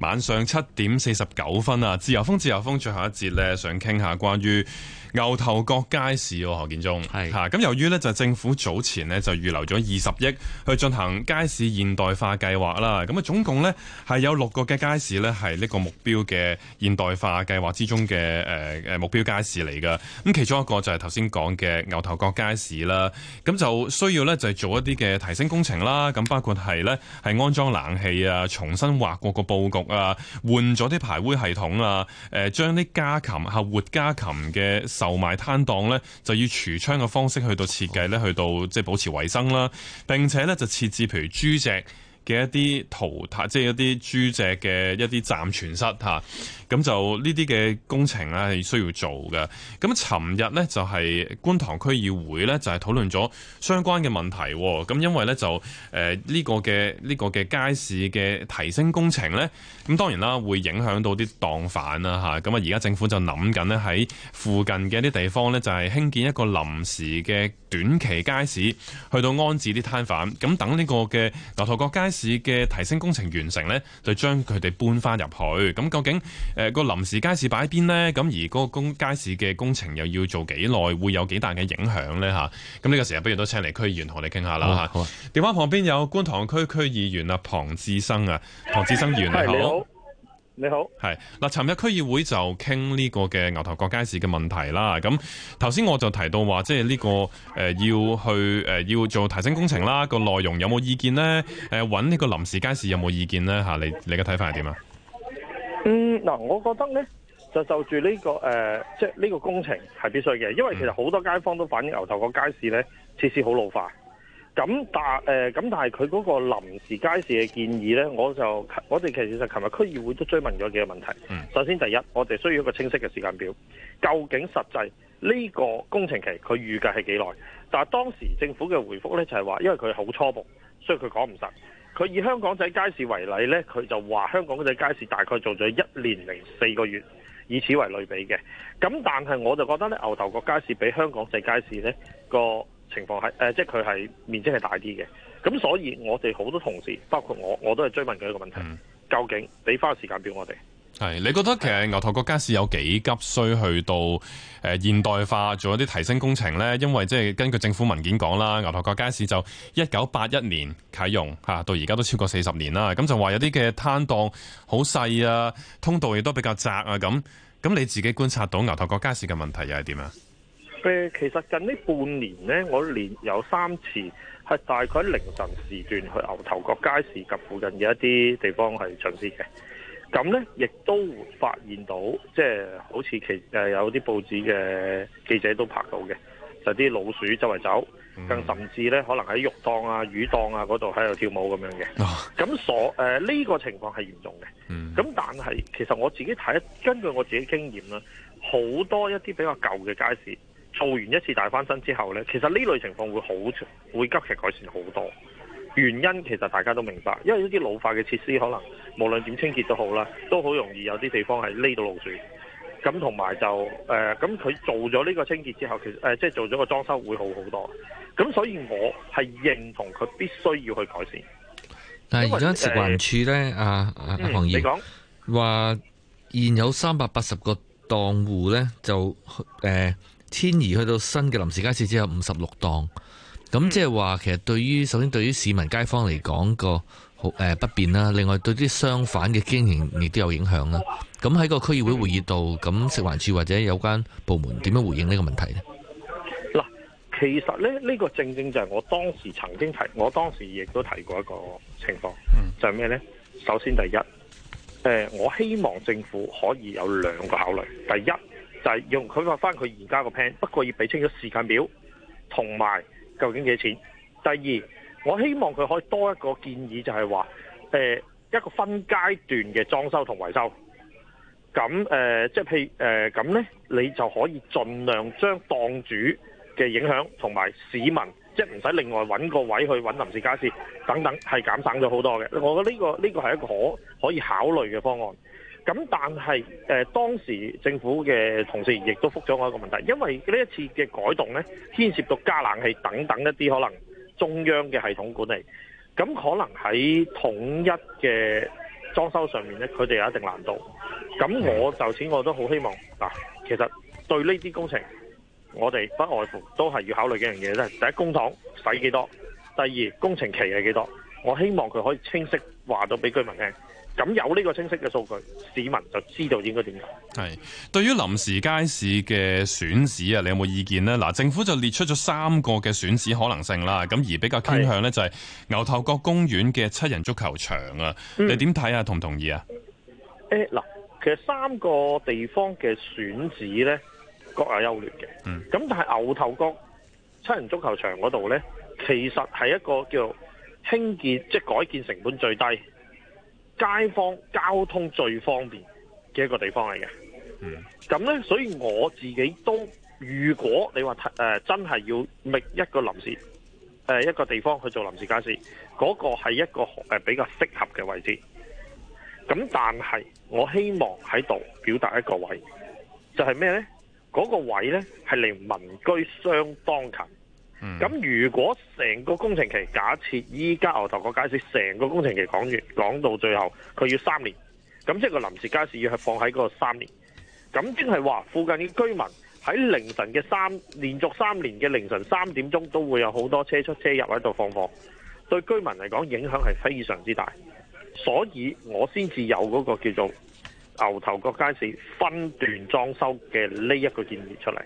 晚上七點四十九分啊，自由風，自由風，最後一節咧，想傾下關於。牛頭角街市喎，何建中，係嚇咁。由於咧就政府早前咧就預留咗二十億去進行街市現代化計劃啦。咁啊總共咧係有六個嘅街市咧係呢個目標嘅現代化計劃之中嘅誒誒目標街市嚟㗎。咁其中一個就係頭先講嘅牛頭角街市啦。咁就需要咧就係做一啲嘅提升工程啦。咁包括係咧係安裝冷氣啊、重新劃過個佈局啊、換咗啲排污系統啊、誒將啲家禽嚇活家禽嘅。售賣攤檔呢，就以櫥窗嘅方式去到設計，去到即係保持衞生啦。並且呢，就設置譬如豬隻。嘅一啲淘汰，即係一啲豬隻嘅一啲暫存室吓，咁、啊、就呢啲嘅工程咧係需要做嘅。咁尋日咧就係、是、觀塘區議會咧就係討論咗相關嘅問題，咁、啊、因為咧就誒呢、呃這個嘅呢、這個嘅街市嘅提升工程咧，咁、啊、當然啦會影響到啲檔販啦吓，咁啊而家、啊、政府就諗緊咧喺附近嘅一啲地方咧就係、是、興建一個臨時嘅短期街市，去到安置啲攤販，咁、啊、等呢個嘅牛頭角街市市嘅提升工程完成呢，就將佢哋搬翻入去。咁究竟誒、呃那個臨時街市擺邊呢？咁而嗰個工街市嘅工程又要做幾耐？會有幾大嘅影響呢？吓咁呢個時候不如都請嚟區議員同我哋傾下啦。吓、哦，電話旁邊有觀塘區區議員啊，龐智笙啊，龐智笙議員你好。好你好係嗱，尋日區議會就傾呢個嘅牛頭角街市嘅問題啦。咁頭先我就提到話，即係、這、呢個誒、呃、要去誒、呃、要做提升工程啦。個內容有冇意見呢？誒，揾呢個臨時街市有冇意見呢？吓，你你嘅睇法係點啊？嗯，嗱，我覺得呢，就就住呢、這個誒、呃，即係呢個工程係必須嘅，因為其實好多街坊都反映牛頭角街市呢，設施好老化。咁但誒，咁、呃、但係佢嗰個臨時街市嘅建議呢，我就我哋其實琴日區議會都追問咗幾個問題。首先第一，我哋需要一個清晰嘅時間表。究竟實際呢個工程期佢預計係幾耐？但係當時政府嘅回覆呢，就係話，因為佢好初步，所以佢講唔實。佢以香港仔街市為例呢，佢就話香港仔街市大概做咗一年零四個月，以此為類比嘅。咁但係我就覺得呢牛頭角街市比香港仔街市呢個情況係誒、呃，即係佢係面積係大啲嘅，咁所以我哋好多同事，包括我，我都係追問佢一個問題：嗯、究竟你畀個時間表我哋？係你覺得其實牛頭角街市有幾急需去到誒、呃、現代化，做一啲提升工程呢？因為即係根據政府文件講啦，牛頭角街市就一九八一年啟用嚇、啊，到而家都超過四十年啦。咁就話有啲嘅攤檔好細啊，通道亦都比較窄啊。咁咁你自己觀察到牛頭角街市嘅問題又係點啊？誒，其實近呢半年呢，我連有三次係大概凌晨時段去牛頭角街市及附近嘅一啲地方係巡視嘅。咁呢，亦都發現到，即係好似其、呃、有啲報紙嘅記者都拍到嘅，就啲、是、老鼠周圍走，更甚至呢，可能喺肉檔啊、魚檔啊嗰度喺度跳舞咁樣嘅。咁 所誒呢、呃呢個情況係嚴重嘅。咁 但係其實我自己睇，根據我自己經驗啦，好多一啲比較舊嘅街市。做完一次大翻新之後呢，其實呢類情況會好，會急劇改善好多。原因其實大家都明白，因為啲老化嘅設施可能無論點清潔都好啦，都好容易有啲地方係匿到老鼠。咁同埋就誒，咁、呃、佢做咗呢個清潔之後，其實、呃、即係做咗個裝修會好好多。咁所以我係認同佢必須要去改善。但係而家食環署呢，阿阿黃業講話現有三百八十個檔戶呢，就誒。呃遷移去到新嘅臨時街市只有五十六檔，咁即係話其實對於首先對於市民街坊嚟講個好誒不便啦，另外對啲商販嘅經營亦都有影響啦。咁喺個區議會會議度，咁食環署或者有關部門點樣回應呢個問題呢？嗱，其實咧呢個正正就係我當時曾經提，我當時亦都提過一個情況，就係、是、咩呢、嗯？首先第一，誒我希望政府可以有兩個考慮，第一。就係、是、用佢話返佢而家個 plan，不過要俾清楚時間表，同埋究竟幾錢。第二，我希望佢可以多一個建議就，就係話誒一個分階段嘅裝修同維修。咁誒、呃，即係譬如咁呢你就可以盡量將檔主嘅影響同埋市民，即係唔使另外揾個位去揾臨時家俬等等，係減省咗好多嘅。我覺得呢個呢個係一個可可以考慮嘅方案。咁但係誒、呃、當時政府嘅同事亦都覆咗我一個問題，因為呢一次嘅改動呢，牽涉到加冷氣等等一啲可能中央嘅系統管理，咁可能喺統一嘅裝修上面呢佢哋有一定難度。咁我就此我都好希望嗱、啊，其實對呢啲工程，我哋不外乎都係要考慮幾樣嘢，即係第一工廠使幾多，第二工程期係幾多。我希望佢可以清晰話到俾居民聽。咁有呢個清晰嘅數據，市民就知道應該點解。係對於臨時街市嘅選址啊，你有冇意見呢？嗱，政府就列出咗三個嘅選址可能性啦。咁而比較傾向呢，就係牛頭角公園嘅七人足球場啊。你點睇啊？同唔同意啊？嗱，其實三個地方嘅選址呢各有優劣嘅。嗯。咁但係牛頭角七人足球場嗰度呢，其實係一個叫做輕建，即係改建成本最低。街坊交通最方便嘅一個地方嚟嘅，咁、嗯、呢，所以我自己都，如果你話誒、呃、真係要覓一個臨時誒、呃、一個地方去做臨時街市，嗰、那個係一個誒、呃、比較適合嘅位置。咁但係我希望喺度表達一個位，就係、是、咩呢？嗰、那個位呢，係離民居相當近。咁、嗯、如果成個工程期，假設依家牛頭角街市成個工程期講完講到最後，佢要三年，咁即係個臨時街市要係放喺嗰個三年，咁即係話附近嘅居民喺凌晨嘅三連續三年嘅凌晨三點鐘都會有好多車出車入喺度放貨，對居民嚟講影響係非常之大，所以我先至有嗰個叫做牛頭角街市分段裝修嘅呢一個建議出嚟。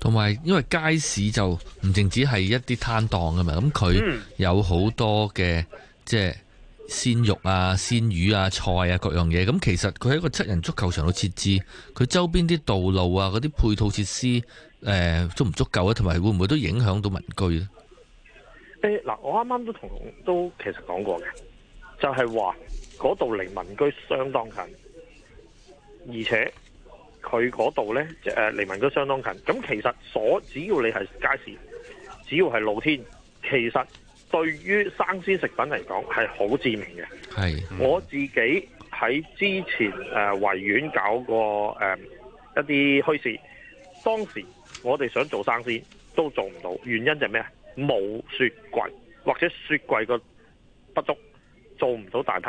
同埋，因為街市就唔淨止係一啲攤檔噶嘛，咁佢有好多嘅，即係鮮肉啊、鮮魚啊、菜啊各樣嘢。咁其實佢喺個七人足球場度設置，佢周邊啲道路啊、嗰啲配套設施誒、欸，足唔足夠啊？同埋會唔會都影響到民居咧？誒，嗱，我啱啱都同都其實講過嘅，就係話嗰度離民居相當近，而且佢嗰度咧，誒、呃，離民居相當近，咁其實所只要你係街市，只要係露天，其實對於生鮮食品嚟講，係好致命嘅。係、嗯、我自己喺之前誒維園搞過誒、呃、一啲墟市，當時我哋想做生鮮都做唔到，原因就係咩啊？冇雪櫃或者雪櫃個不足，做唔到大批，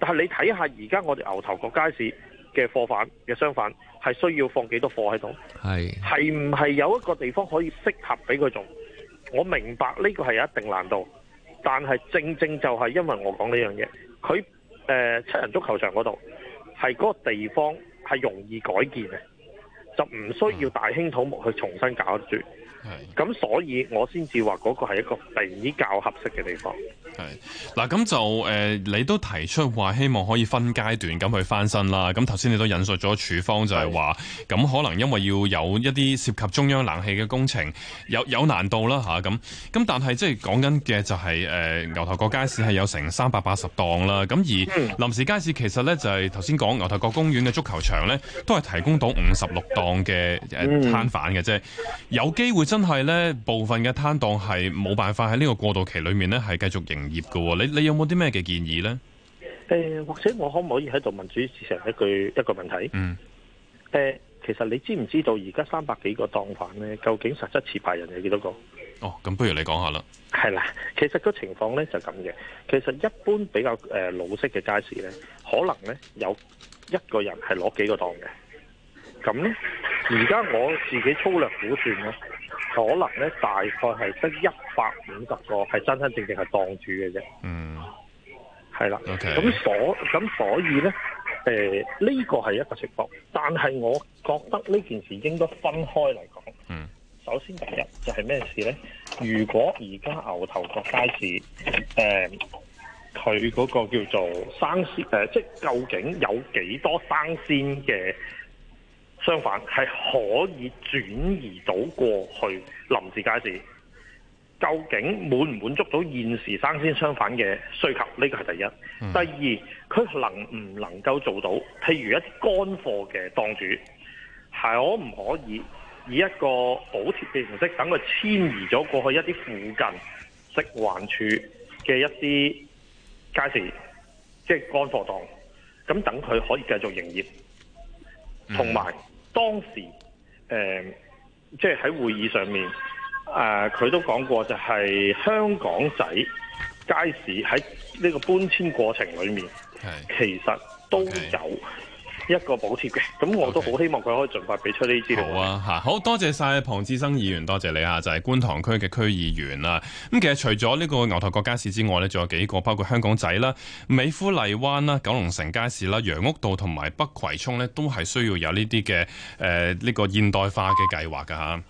但係你睇下而家我哋牛頭角街市嘅貨販嘅商販係需要放幾多貨喺度？係係唔係有一個地方可以適合俾佢做？我明白呢個係有一定難度，但係正正就係因為我講呢樣嘢，佢、呃、七人足球場嗰度係嗰個地方係容易改建嘅，就唔需要大興土木去重新搞住。咁，所以我先至話嗰個係一個比較合適嘅地方。係嗱，咁就誒、呃，你都提出話希望可以分階段咁去翻新啦。咁頭先你都引述咗署方就、就係話咁可能因為要有一啲涉及中央冷氣嘅工程，有有難度啦吓。咁、啊、咁但係即係講緊嘅就係、是、誒、就是呃，牛頭角街市係有成三百八十檔啦。咁而臨時街市其實咧，就係頭先講牛頭角公園嘅足球場咧，都係提供到五十六檔嘅攤販嘅啫。有機會真係咧，部分嘅攤檔係冇辦法喺呢個過渡期裏面咧係繼續營業。你你有冇啲咩嘅建議呢？誒、呃，或者我可唔可以喺度問主持人一句一個問題？嗯。誒、呃，其實你知唔知道而家三百幾個檔販呢，究竟實質持牌人有幾多個？哦，咁不如你講下啦。係啦，其實個情況呢就咁嘅。其實一般比較誒老式嘅街市呢，可能呢有一個人係攞幾個檔嘅。咁呢而家我自己粗略估算呢，可能咧大概係得一百五十個係真真正正係檔主嘅啫。嗯，係啦。Okay。咁所咁所以咧，誒、呃、呢、呢個係一個情況。但係我覺得呢件事應該分開嚟講。嗯。首先第一就係、是、咩事咧？如果而家牛頭角街市誒，佢、呃、嗰個叫做生鮮、呃、即究竟有幾多生鮮嘅？相反係可以轉移到過去臨時街市，究竟滿唔滿足到現時生鮮相反嘅需求？呢個係第一、嗯。第二，佢能唔能夠做到？譬如一啲乾貨嘅檔主，係可唔可以以一個補貼嘅形式，等佢遷移咗過去一啲附近食環署嘅一啲街市，即係乾貨檔，咁等佢可以繼續營業，同、嗯、埋。當時，誒、呃，即係喺會議上面，誒、呃，佢都講過，就係香港仔街市喺呢個搬遷過程裡面，係，其實都有、okay。一個補貼嘅，咁我都好希望佢可以盡快俾出呢啲。好啊，吓，好多謝晒龐智笙議員，多謝你啊。就係、是、觀塘區嘅區議員啦。咁其實除咗呢個牛頭角街市之外咧，仲有幾個，包括香港仔啦、美孚荔灣啦、九龍城街市啦、楊屋道同埋北葵涌咧，都係需要有呢啲嘅誒、呢、呃這個現代化嘅計劃噶吓。